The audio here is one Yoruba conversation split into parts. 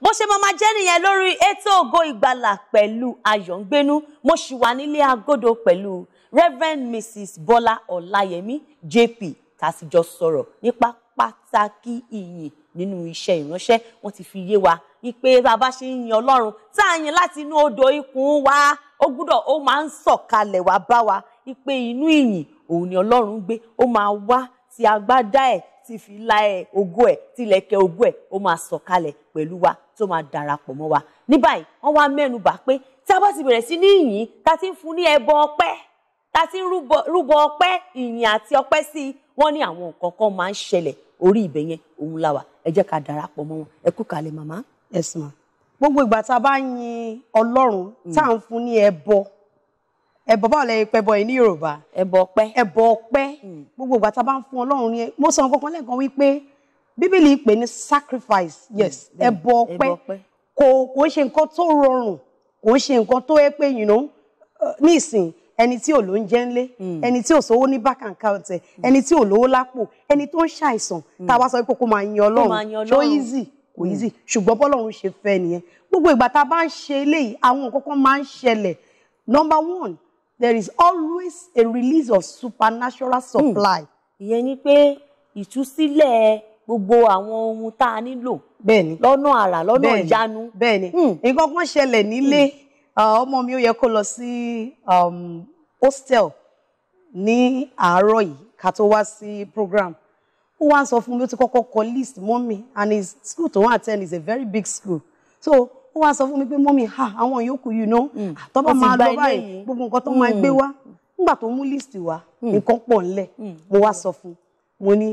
bó ṣe máa jẹ́ nìyẹn lórí ètò ògo ìgbàlà pẹ̀lú ayọ̀ǹgbẹ́nu mo sì wà nílé agodo pẹ̀lú reverend mrs Bola ọláyẹmí jp tá a sì jọ sọ̀rọ̀ nípa pàtàkì ìyìn nínú iṣẹ́ ìránṣẹ́ wọ́n ti fi yé wa wípé bàbá ṣe ń yin ọlọ́run tá a yin láti inú odò ikùn wa ó gbúdọ̀ ó máa ń sọ̀kalẹ̀ wá bá wa wípé inú ìyìn òun ni ọlọ́run gbé ó máa wá ti agbádá ẹ̀ ti fìlà ẹ̀ ògo ẹ̀ tilẹ̀kẹ̀ ògo ẹ̀ ó máa sọ̀kalẹ̀ pẹ̀lú wa tó máa darapọ̀ mọ́ wa ní báyìí wọ́n wá mẹ́nu bà pé tá a bá ti bẹ̀rẹ̀ sí ní ìyìn tá a ti ń fún ní ẹbọ ọpẹ́ tá a ti ń rúbọ ọpẹ́ ìyìn àti ọpẹ́ sí i wọ́n ní àwọn nǹkan kan máa ń ṣẹlẹ̀ orí ibẹ̀ yẹn òun la wà ẹ jẹ́ ká darapọ̀ mọ́ wọn ẹ kú kalẹ̀ màmá. ẹ sùn ma gbogbo ìgbà tá a bá yin ọlọ́run tá à ń fún ní ẹbọ ẹbọ báwo lẹ pẹbọ yìí ní yorùbá ẹbọ ọpẹ́ ẹbọ ọpẹ́ hmm. gbogbo ìgbà tá a bá ń fún ọlọ́run yẹn mo sọ nǹkan kan lẹ́ẹ̀kan wípé bíbélì pè ní sacrifice mm, yes mm, mm. ẹbọ ọpẹ́ kò kò ṣe nǹkan tó rọrùn kò ṣe nǹkan tó yẹ pé you know uh, ní ìsìn ẹni tí ò ló ń jẹ ńlé ẹni tí ò sówó ní bákàǹkà ọtẹ ẹni tí ò lówó lápò ẹni tó ń ṣàìsàn tá a wá sọ pé kó máa yan Ọlọ́run tó easy kò easy ṣùgbọ́n bọ́lọ́run ṣe fẹ́ nìyẹn gbogbo ìgbà tá a bá ń ṣe eléyìí àwọn nǹkan kan máa ń ṣẹlẹ̀ number one there is always a release of supernatural supply. ìyẹn ni pé ìtúsílẹ̀ gbogbo àwọn ohun tá a nílò lọ́nà àrà lọ́nà ìyanu. bẹ́ẹ̀ni hmm. nǹkan kan ṣẹlẹ̀ nílé hmm. ọmọ mi ó yẹ kó lọ sí um, hostel ní àárọ̀ yìí ká tó wá sí program ó wá ń sọ fún mi ó ti kọ́kọ́ kọ list mọ́mi and his school tó wà ten is a very big school so ó wá sọ fún mi pé mọ́mi ha àwọn yòókù you know tó bá máa lọ báyìí gbogbo nǹkan tó hmm. máa gbé wá nígbà tó mú list wá nǹkan pọ̀ ńlẹ̀ mo wá sọ fún mo ní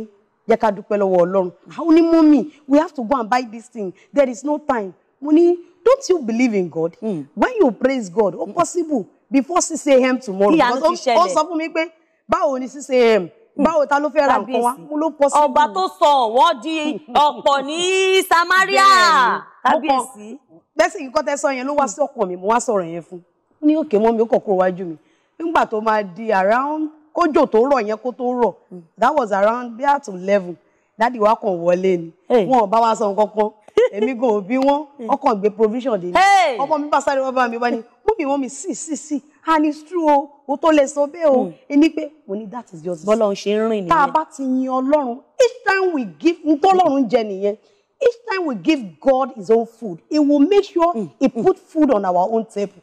jẹ́ ká dúpẹ́ lọ́wọ́ ọlọ́run àwọn ní mọ́mì we have to go and buy this thing there is no time mo ní don't you believe in God mm. when you praise God o possible before six a.m. tomorrow He ó sọ fún mi pé báwo ni six a.m báwo ta ló fẹ́ ra nǹkan wa mo ló pọ̀ sí i. ọba tó sọ wọ́n di ọ̀pọ̀ ní Samaria kábíyèsí. bẹ́sì kí kọ́tẹ́ sọ yẹn ló wá sí ọkàn mi mo wá sọ̀rọ̀ yẹn fún un ó ní òkè mọ́ mi ó kọ̀ kúrò wájú mi nígbà tó máa di around kójò tó rọ̀ yẹn kó tó rọ̀ hmm. that was around bí at eleven dáàdi wa kàn wọlé ni wọn ò bá wa sọ nǹkan kan èmi gan òbí wọn hmm. ọkàn gbé provision dé ni ọmọ mi bá sáré wọn bá mi wá ni mú mi wọn mi sí sí sí and it's true o o tó lè sọ bẹ́ẹ̀ o hmm. ẹni pé mo ní that is just. bọ́lá ń ṣe ń rìn nìyẹn tá a bá ti yin ọlọ́run each time we give n tọ́lọ́run jẹ nìyẹn each time we give God his own food he will make sure he put food on our own table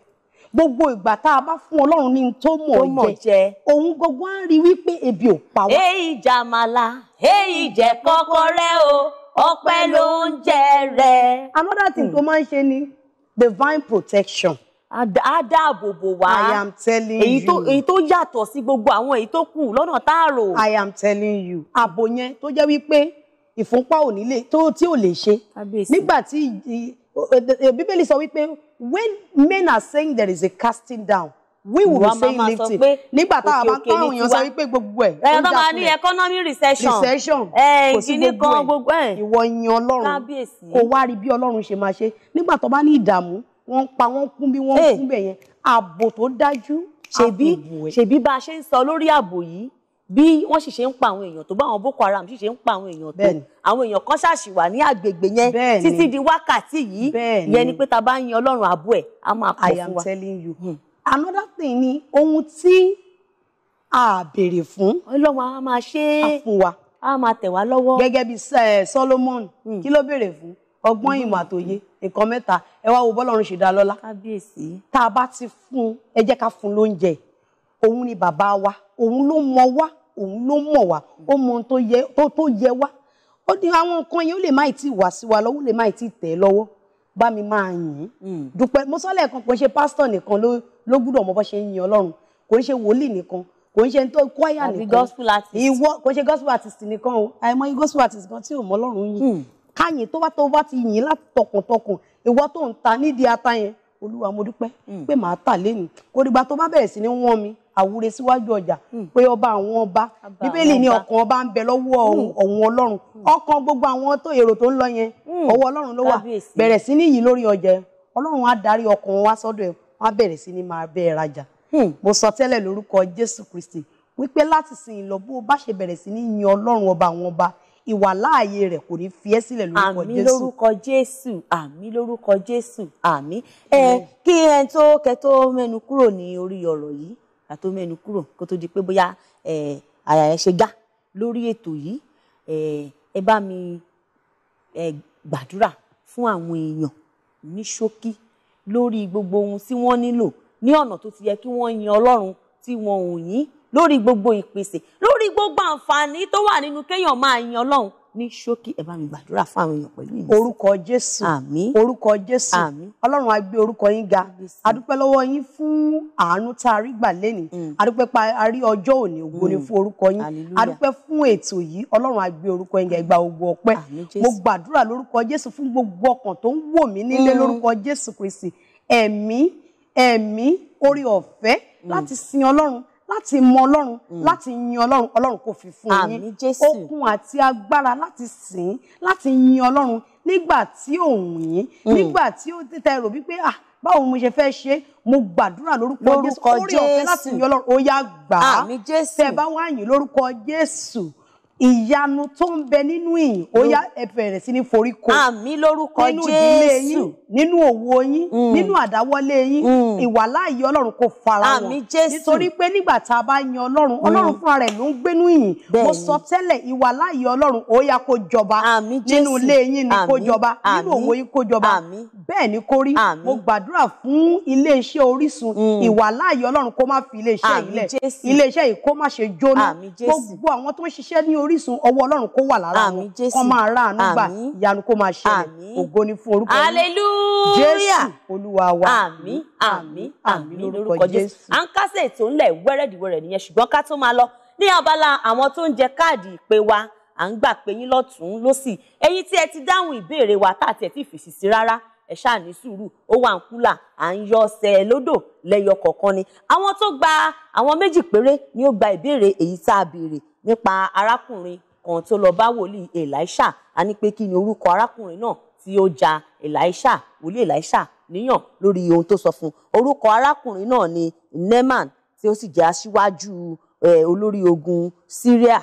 gbogbo ìgbà tá a bá fún ọlọ́run ní tó mọ̀ jẹ òun gbogbo á rí wípé ebi ò pa wá. èyí jàmàlà èyí jẹ kọ́kọ́rẹ́ o ọpẹ́ ló ń jẹ rẹ. another thing hmm. tó máa ń ṣe ni divine protection á dáàbò bò wá. I am telling èyí tó, you. Èyí tó yàtọ̀ sí gbogbo àwọn èyí tó kù lọ́nà táàrò. I am telling you. Àbò yẹn tó jẹ́ wípé ìfúnpá ò nílé tó tí ò lè ṣe. Nígbà tí bíbélì sọ wípé when men are saying there is a casting down we will be saying lifting nígbà táwọn bá ń táwọn èèyàn sọ wípé gbogbo ẹ. ẹ̀yọ́ tó máa ní recession recession kò sí gbogbo ẹ̀ ìwọ yin ọlọ́run kò wá rí bí ọlọ́run ṣe máa ṣe nígbà tó bá ní ìdààmú wọ́n pa wọ́n kún bí wọ́n kún bẹ̀ yẹn ààbò tó dájú ṣebí ṣebí bá a ṣe ń sọ lórí ààbò yìí bí wọ́n sì ṣe ń pa àwọn èèyàn tó bá Boko Haram sì ṣe ń pa àwọn èèyàn tó àwọn èèyàn kan ṣàṣì wà ní àgbègbè yẹn títí di wákàtí yìí yẹn ni pé ta bá ń yin Ọlọ́run àbú ẹ̀ a máa pọ̀ fún wa. I am telling you hmm. another thing ni ohun tí a béèrè fún. Ọlọ́run a máa ṣe é a fún wa. a máa tẹ̀ wá lọ́wọ́. gẹ́gẹ́ bí eh, Solomon hmm. kí ló béèrè fún ọgbọ́n hmm. ìmọ̀ àtòye nǹkan mẹ́ta ẹ wá wo bọ́lọ́run ṣe dá lọ́lá. tá a bá ti fún ẹ jẹ́ ká fún lóúnjẹ òun ni bàbá wa òun ló mọ wá òun ló mọ̀ wá ó mọ ohun tó yẹ wá ó ní àwọn nǹkan yẹn ó lè má ì tí wá sí wa lọ́wọ́ ó lè má ì tí tẹ̀ lọ́wọ́ bá mi máa yìn hmm. dúpẹ́ mo sọ lẹ́ẹ̀kan kò ń ṣe pásítọ̀ nìkan ló gbúdọ̀ mọ bó ṣe ń yin Ọlọ́run kò ń ṣe wòlíì nìkan kò ń ṣe tó kwaya nìkan ìwọ kò ń ṣe gospel artist nìkan o àìmọye gospel artist kan tí ò mọ Ọlọ́run yìn hmm. káyìn tó bá tó bá ti yìn láti tọkàntọkàn ìwọ tó ń ta nídìí ata yẹn Olúwa mo dúpẹ́ hmm. pé màá tà lẹ́nu kò dìgbà tó bá bẹ̀rẹ̀ sí ní wọ́n mi àwúre síwájú ọjà hmm. pé ọba àwọn ọba bíbélì ni ọkàn ọba ń bẹ lọ́wọ́ ọ̀hún hmm. ọlọ́run hmm. ọkàn gbogbo àwọn tó èrò tó ń lọ yẹn ọwọ́ ọlọ́run ló wà bẹ̀rẹ̀ sí ní yìí lórí ọjà ọlọ́run á darí ọkàn wa sọ́dọ̀ ẹ̀ wọ́n á bẹ̀rẹ̀ sí ní máa bẹ́ẹ̀ rajà mo sọ tẹ́lẹ̀ lórúkọ jésù kristi wípé láti sìn lọ bó o bá ṣe bẹ̀rẹ̀ sí ní yin ọlọ́run ọba àwọn ọba ìwà láàyè rẹ̀ kò ní fi ẹ́ sílẹ̀ lórúkọ jésù àmì lórúkọ jésù àmì lórúkọ jésù àmì ẹ kí ẹ tó kẹ tó mẹ́nu kúrò ní orí ọ̀rọ̀ yìí ká tó mẹ́nu kúrò kó tó di pé bóyá àyà ẹ ṣe gá lórí ètò yìí ẹ bá mi gbàdúrà fún àwọn èèyàn ní ṣókí lórí gbogbo ohun tí wọ́n nílò ní ọ̀nà tó ti yẹ kí wọ́n yin Ọlọ́run tí wọn ò yìn lórí gbogbo ìpèsè lórí gbogbo àǹfààní tó wà nínú kéèyàn máa yin Ọlọ́run ní ṣókí ẹ bá mi gbàdúrà fún àwọn èèyàn pẹ̀lú ìmísí. orúkọ jésù àmín orúkọ jésù àmín ọlọ́run á orúkọ yín ga adúpẹ́ lọ́wọ́ yín fún àánú tá a rí gbà lẹ́nìí mm. adúpẹ́ pa a ọjọ́ òní ògo ni mm. fún orúkọ yín adúpẹ́ fún ètò yìí ọlọ́run á gbé orúkọ yín ga ìgbà ògo ọpẹ́ mo gbàdúrà lórúkọ jésù fún gbogbo ọkàn tó ń wò mí nílé mm. lórúkọ jésù kristi ẹ̀mí ẹ̀mí orí ọ̀fẹ́ láti sin ọlọ́run láti mọ ọlọ́run mm. láti yin ọlọ́run ọlọ́run kò fi fún yín okun àti agbára láti sìn láti yin ọlọ́run nígbà tí òun yín mm. nígbà tí ó tẹ rò wípé ah báwo mo ṣe fẹ́ ṣe mo gbàdúrà lórúkọ jésù orí ọ̀fẹ́ láti yin ọlọ́run ó yá gbà á tẹ bá wá lórúkọ jésù ìyanu tó ń bẹ nínú ìyìn ó yá ẹ bẹ̀rẹ̀ sí ní forí ko àmì lórúkọ jésù nínú ìdílé yín nínú òwò yín mm. nínú àdáwọlé yín mm. ìwàláàyè ọlọ́run kò fara wọn nítorí pé nígbà tá a bá yan ọlọ́run mm. ọlọ́run fúnra rẹ̀ ló ń gbénú ìyìn mo sọ tẹ́lẹ̀ ìwàláàyè ọlọ́run ó yá kó jọba nínú ilé yín ni kó jọba nínú òwò yín kó jọba bẹ́ẹ̀ ni kó rí mo gbàdúrà fún iléeṣẹ́ orísun ìwàláàyè ọlọ́run kó má fi iléeṣẹ́ ilẹ̀ iléeṣẹ́ yìí kó má ṣe jóná gbogbo àwọn tó ń orísun ọwọ́ ọlọ́run kó wà lára wọn kó máa rà gbà ìyanu kó máa ṣẹlẹ̀ ògo ni fún orúkọ yìí jésù olúwa wa àmín àmín àmín lórúkọ jésù. à ń kásẹ̀ ètò ńlẹ̀ wẹ́rẹ́dìwẹ́rẹ́ nìyẹn ṣùgbọ́n ká tó máa lọ ní abala àwọn tó ń jẹ káàdì ìpè wa à ń gbà pé yín lọ́tún lọ́sì ẹ̀yin tí ẹ ti dáhùn ìbéèrè wa tá àti ẹ̀ tí fèsì sí rárá ẹ ṣáà ní sùúrù ó wà ń kúlà à ń yọ ọsẹ lódò lẹ́yọ kọ̀ọ̀kan ni àwọn tó gba àwọn méjì péré ni ó gba ìbéèrè èyí tá a béèrè nípa arákùnrin kan tó lọ bá wòlíì Èlíṣà a ní pé kí ni orúkọ arákùnrin náà tí ó ja Èlíṣà wòlíì Èlíṣà níyàn lórí ohun tó sọ fún orúkọ arákùnrin náà ni Neman tí ó sì jẹ́ aṣíwájú olórí ogun Syria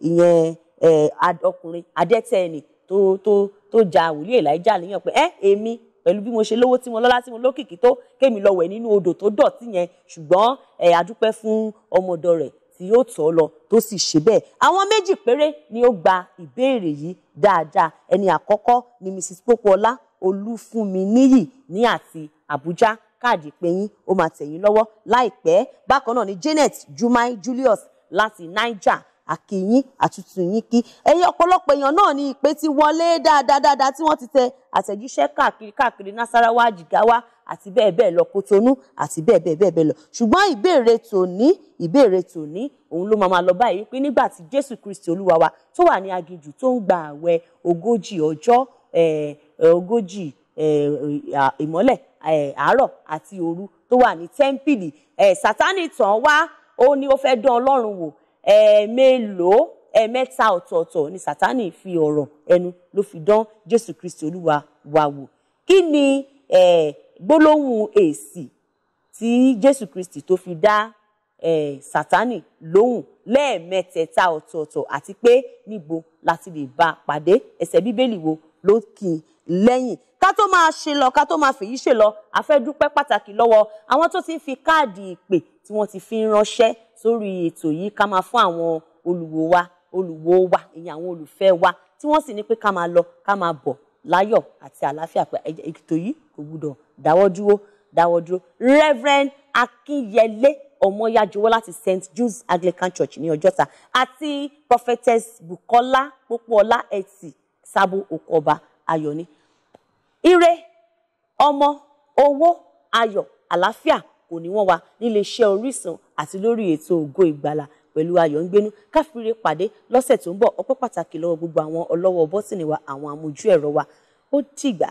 ìyẹn ọkùnrin adẹ́tẹ̀ ni tó tó tó ja wòlíì Èlíjà níyàn pé ẹ èmi pẹ̀lú bí mo ṣe lówó tí mo lọ́lá tí mo lókìkí tó kémi lọ wẹ̀ nínú odò tó dọ̀tí yẹn ṣùgbọ́n ẹ̀ adúpẹ́ fún ọmọdọ̀ rẹ̀ tí yóò tọ́ lọ tó sì ṣe bẹ́ẹ̀ àwọn méjì péré ni ó gba ìbéèrè yìí dáadáa ẹni àkọ́kọ́ ni Mrs Popoola Olúfúnminíyì ní àti Àbújá káàdì péyín ó máa tẹ̀yìn lọ́wọ́ láìpẹ́ bákan náà ni Janet Jumai Julius láti Niger àkìyín àtútù yín kí ẹ̀yin ọ̀pọ̀lọpọ̀ èèyàn náà ní ìpè ti wọlé dáadáa dáadáa tí wọ́n ti tẹ àtẹ̀jíṣẹ́ káàkiri káàkiri Nasarawa Jigawa àti bẹ́ẹ̀ bẹ́ẹ̀ lọ Kotonu àti bẹ́ẹ̀ bẹ́ẹ̀ bẹ́ẹ̀ bẹ́ẹ̀ lọ ṣùgbọ́n ìbéèrè tòní ìbéèrè tòní òun ló máa lọ báyìí pé nígbà tí Jésù Kristi Olúwa wa tó wà ní aginjù tó ń gba àwẹ̀ ogójì ọjọ́ ogójì ìmọ́lẹ̀ àárọ̀ àti òru tó wà ní tẹ́ḿpìlì Sátánì tàn wá ó ní ó fẹ́ dán Ọlọ́run wò ẹ̀ẹ̀mélòó ẹ̀ẹ̀mẹ́ta ọ̀tọ̀ọ̀tọ̀ ni sátánì fi ọ̀rọ̀ ẹnu ló fi dán jésù kristi olúwa wa wò kí ni gbólóhùn èsì tí jésù kristi tó fi dá sátánì lóhùn lẹ́ẹ̀mẹ́tẹ̀ẹ̀ta ọ̀tọ̀ọ̀tọ̀ àti pé níbo láti lè bá pàdé ẹsẹ̀ bíbélì wo ló kì í lẹ́yìn ká tó máa ṣe lọ ká tó máa fèyí ṣe lọ a fẹ́ dúpẹ́ pàtàkì lọ́wọ́ àwọn tó ti ń fi káàdì ìpè tí wọ́n ti fi ń ránṣẹ́ sórí ètò yìí ká máa fún àwọn olùwò wa olùwò wa ìyẹn àwọn olùfẹ́ wa tí wọ́n sì ní pé ká máa lọ ká máa bọ̀ láyọ̀ àti àlàáfíà pé ètò yìí kò gbúdọ̀ dáwọ́ dúró dáwọ́ dúró Reverend Akinyele ọmọyájúwọ́ láti St Jude's Anglican Church ní Ọjọ́ta àti prophetess Bukola Pópóọlá Ẹtì Sábò Okọba ayoni. ire ọmọ owó ayọ̀ àlàáfíà kò ní wọ́n wa nílé iṣẹ́ Orísun àti lórí ètò ògo ìgbàlà pẹ̀lú Ayọ̀ngbénú káfíńre pàdé lọ́sẹ̀ tó ń bọ̀ ọpẹ́ pàtàkì lọ́wọ́ gbogbo àwọn ọlọ́wọ́ bọ́tìnì wa àwọn amójú ẹ̀rọ wa ó dìgbà